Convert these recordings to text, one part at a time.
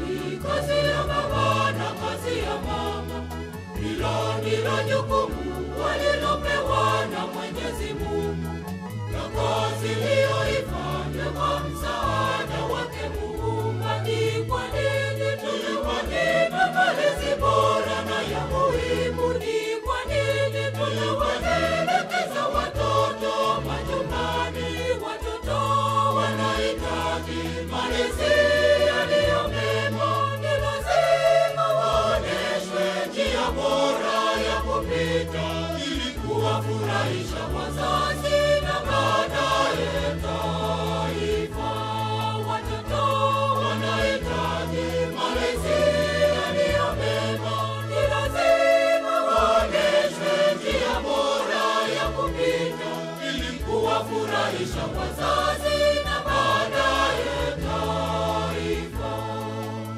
ni kazi ya baba na kazi ya mama. Hilo ndilo jukumu walilopewa na Mwenyezi Mungu na kazi hiyo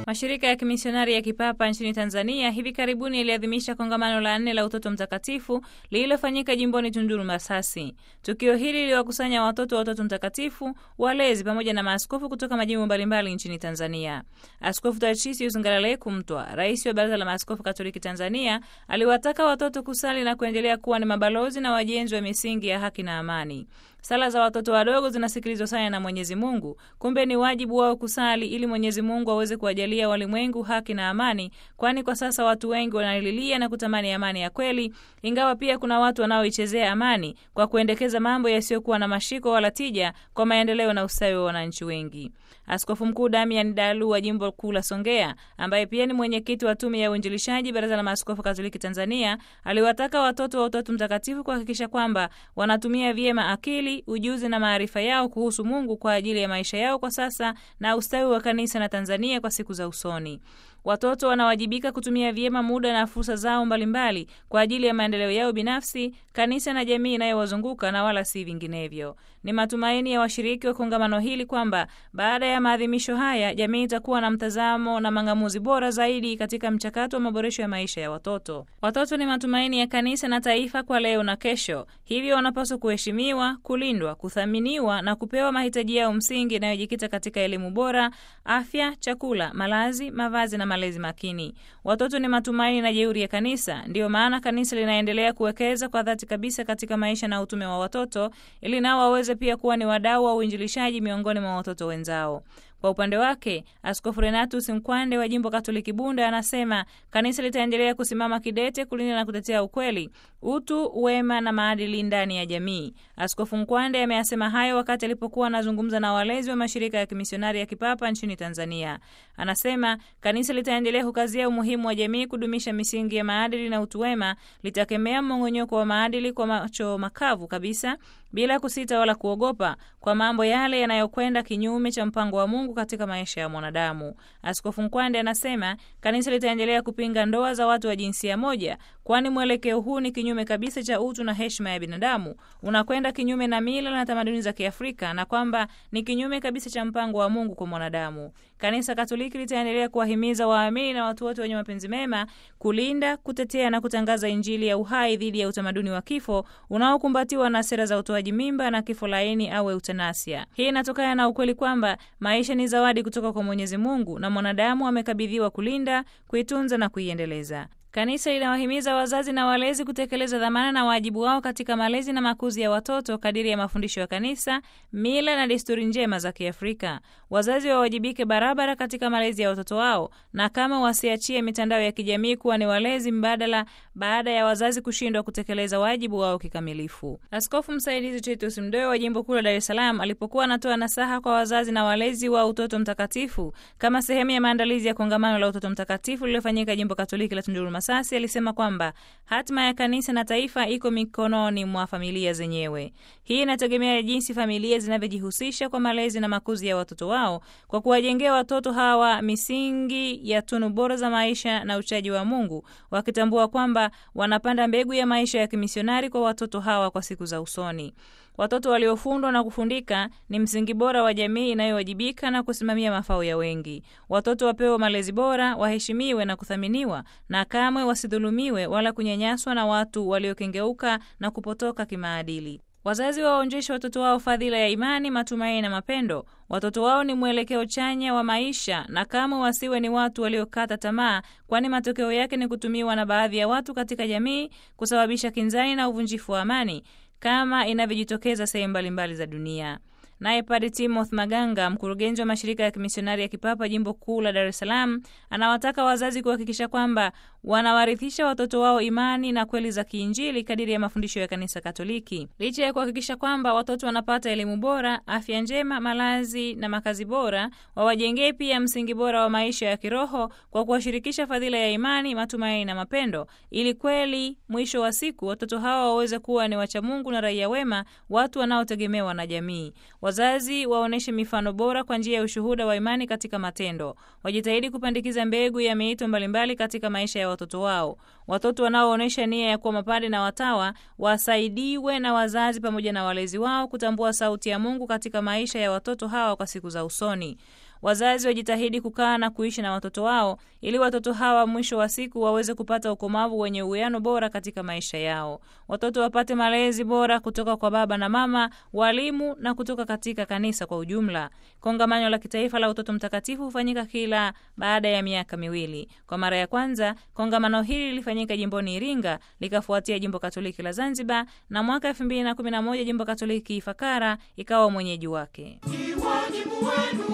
Mashirika ya kimisionari ya kipapa nchini Tanzania hivi karibuni yaliadhimisha kongamano la nne la utoto mtakatifu lililofanyika jimboni Tunduru, Masasi. Tukio hili liliwakusanya watoto wa utoto mtakatifu, walezi pamoja na maaskofu kutoka majimbo mbalimbali nchini Tanzania. Askofu Tarcisius Ngalaleku Mtwa, rais wa Baraza la Maaskofu Katoliki Tanzania, aliwataka watoto kusali na kuendelea kuwa ni mabalozi na wajenzi wa misingi ya haki na amani. Sala za watoto wadogo zinasikilizwa sana na Mwenyezi Mungu, kumbe ni wajibu wao kusali ili Mwenyezi Mungu aweze kuwajalia kuupatia walimwengu haki na amani, kwani kwa sasa watu wengi wanalilia na kutamani amani ya kweli, ingawa pia kuna watu wanaoichezea amani kwa kuendekeza mambo yasiyokuwa na mashiko wala tija kwa maendeleo na ustawi wa wananchi wengi. Askofu Mkuu Damian Dalu wa jimbo kuu la Songea, ambaye pia ni mwenyekiti wa tume ya uinjilishaji Baraza la Maaskofu Katoliki Tanzania, aliwataka watoto wa Utatu Mtakatifu kuhakikisha kwamba wanatumia vyema akili, ujuzi na maarifa yao kuhusu Mungu kwa ajili ya maisha yao kwa sasa na ustawi wa kanisa na Tanzania kwa siku za usoni. Watoto wanawajibika kutumia vyema muda na fursa zao mbalimbali kwa ajili ya maendeleo yao binafsi, kanisa na jamii inayowazunguka na wala si vinginevyo. Ni matumaini ya washiriki wa kongamano hili kwamba baada ya maadhimisho haya, jamii itakuwa na mtazamo na mang'amuzi bora zaidi katika mchakato wa maboresho ya maisha ya watoto. Watoto ni matumaini ya kanisa na taifa kwa leo na kesho, hivyo wanapaswa kuheshimiwa, kulindwa, kuthaminiwa na kupewa mahitaji yao msingi inayojikita katika elimu bora, afya, chakula, malazi, mavazi na malazi malezi makini. Watoto ni matumaini na jeuri ya kanisa, ndiyo maana kanisa linaendelea kuwekeza kwa dhati kabisa katika maisha na utume wa watoto, ili nao waweze pia kuwa ni wadau wa uinjilishaji miongoni mwa watoto wenzao. Kwa upande wake, Askofu Renatus Mkwande wa jimbo Katoliki Bunda anasema kanisa litaendelea kusimama kidete kulinda na kutetea ukweli, utu, wema na maadili ndani ya jamii. Askofu Mkwande ameyasema hayo wakati alipokuwa anazungumza na walezi wa mashirika ya kimisionari ya kipapa nchini Tanzania. Anasema kanisa litaendelea kukazia umuhimu wa jamii kudumisha misingi ya maadili na utu wema, litakemea mmong'onyoko wa maadili kwa macho makavu kabisa, bila kusita wala kuogopa, kwa mambo yale yanayokwenda kinyume cha mpango wa Mungu Mungu katika maisha ya mwanadamu. Askofu Nkwande anasema kanisa litaendelea kupinga ndoa za watu wa jinsia moja, kwani mwelekeo huu ni kinyume kabisa cha utu na heshima ya binadamu, unakwenda kinyume na mila na tamaduni za Kiafrika na kwamba ni kinyume kabisa cha mpango wa Mungu kwa mwanadamu. Kanisa Katoliki litaendelea kuwahimiza waamini na watu wote wenye mapenzi mema kulinda, kutetea na kutangaza Injili ya uhai dhidi ya utamaduni wa kifo unaokumbatiwa na sera za utoaji mimba na kifo laini au eutanasia. Hii inatokana na ukweli kwamba maisha ni zawadi kutoka kwa Mwenyezi Mungu na mwanadamu amekabidhiwa kulinda, kuitunza na kuiendeleza. Kanisa linawahimiza wazazi na walezi kutekeleza dhamana na wajibu wao katika malezi na makuzi ya watoto kadiri ya mafundisho ya kanisa, mila na desturi njema za Kiafrika. Wazazi wawajibike barabara katika malezi ya watoto wao, na kama wasiachie mitandao ya kijamii kuwa ni walezi mbadala baada ya wazazi kushindwa kutekeleza wajibu wao kikamilifu. Askofu msaidizi Titus Mdoe wa jimbo kuu la Dar es Salaam alipokuwa anatoa nasaha kwa wazazi na walezi wa Utoto Mtakatifu kama sehemu ya maandalizi ya kongamano la Utoto Mtakatifu lililofanyika jimbo Katoliki la Tunduru Masasi alisema kwamba hatima ya kanisa na taifa iko mikononi mwa familia zenyewe. Hii inategemea jinsi familia zinavyojihusisha kwa malezi na makuzi ya watoto wao, kwa kuwajengea watoto hawa misingi ya tunu bora za maisha na uchaji wa Mungu, wakitambua kwamba wanapanda mbegu ya maisha ya kimisionari kwa watoto hawa kwa siku za usoni. Watoto waliofundwa na kufundika ni msingi bora wa jamii inayowajibika na kusimamia mafao ya wengi. Watoto wapewe malezi bora, waheshimiwe na kuthaminiwa, na kamwe wasidhulumiwe wala kunyanyaswa na watu waliokengeuka na kupotoka kimaadili. Wazazi wawaonjeshe watoto wao fadhila ya imani, matumaini na mapendo. Watoto wao ni mwelekeo chanya wa maisha, na kama wasiwe ni watu waliokata tamaa, kwani matokeo yake ni kutumiwa na baadhi ya watu katika jamii, kusababisha kinzani na uvunjifu wa amani kama inavyojitokeza sehemu mbalimbali za dunia. Naye Padre Timothy Maganga, mkurugenzi wa mashirika ya kimisionari ya kipapa jimbo kuu la Dar es Salaam, anawataka wazazi kuhakikisha kwamba wanawarithisha watoto wao imani na kweli za kiinjili kadiri ya mafundisho ya kanisa Katoliki, licha ya kuhakikisha kwamba watoto wanapata elimu bora, afya njema, malazi na makazi bora. Wawajengee pia msingi bora wa maisha ya kiroho kwa kuwashirikisha fadhila ya imani, matumaini na mapendo, ili kweli mwisho wa siku watoto hawa waweze kuwa ni wachamungu na raia wema, watu wanaotegemewa na jamii. Wazazi waonyeshe mifano bora kwa njia ya ushuhuda wa imani katika matendo. Wajitahidi kupandikiza mbegu ya miito mbalimbali katika maisha ya watoto wao. Watoto wanaoonyesha nia ya kuwa mapadre na watawa wasaidiwe na wazazi pamoja na walezi wao kutambua sauti ya Mungu katika maisha ya watoto hawa kwa siku za usoni. Wazazi wajitahidi kukaa na kuishi na watoto wao ili watoto hawa mwisho wa siku waweze kupata ukomavu wenye uwiano bora katika maisha yao. Watoto wapate malezi bora kutoka kwa baba na mama, walimu na kutoka katika kanisa kwa ujumla. Kongamano la kitaifa la utoto mtakatifu hufanyika kila baada ya miaka miwili. Kwa mara ya kwanza kongamano hili lilifanyika jimboni Iringa, likafuatia jimbo Katoliki la Zanzibar, na mwaka 2011 jimbo Katoliki Ifakara ikawa mwenyeji wake. Ni wajibu wenu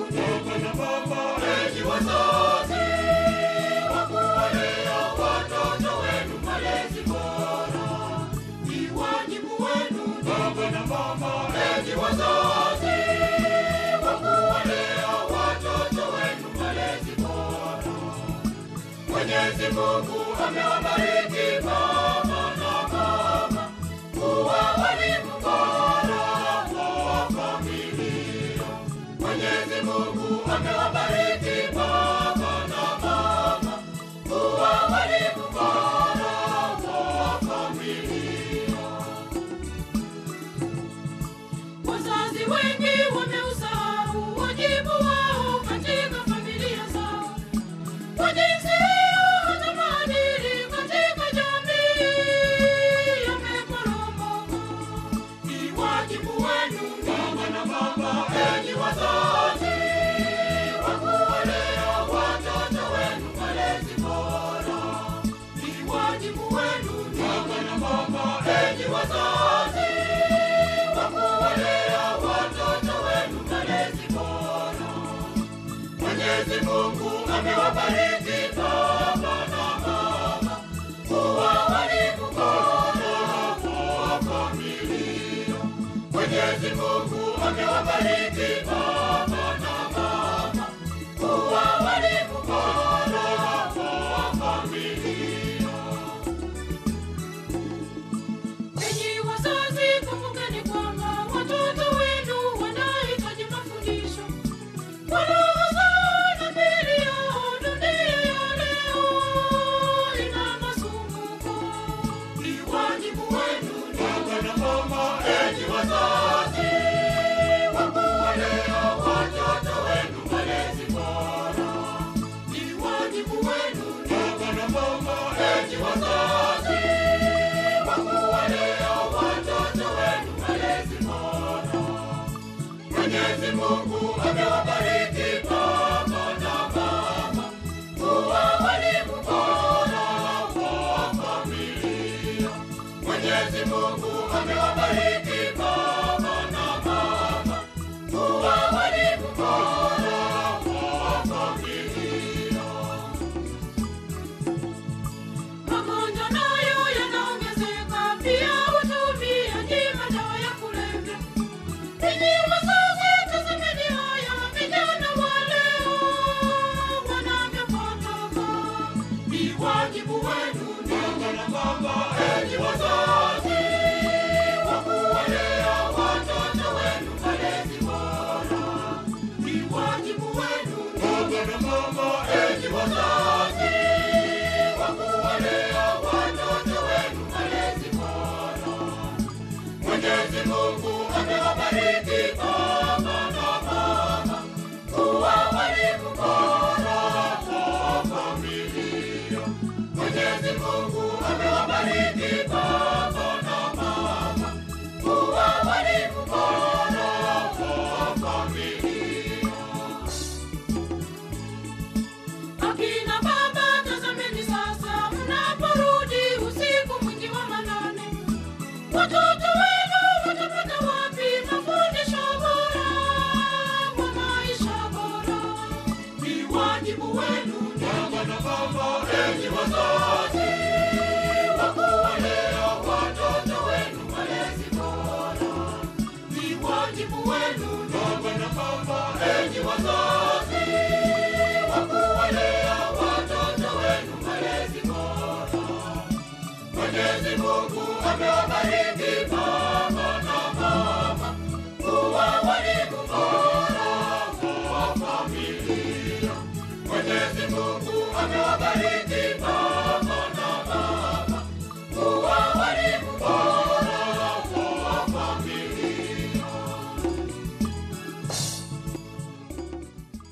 Mwenyezi Mungu amewabariki. Mwenyezi Mungu amewabariki baba na mama kuwa walikupata kwa familia. Mwenyezi Mungu amewabariki Mwenyezi Mungu amewabariki.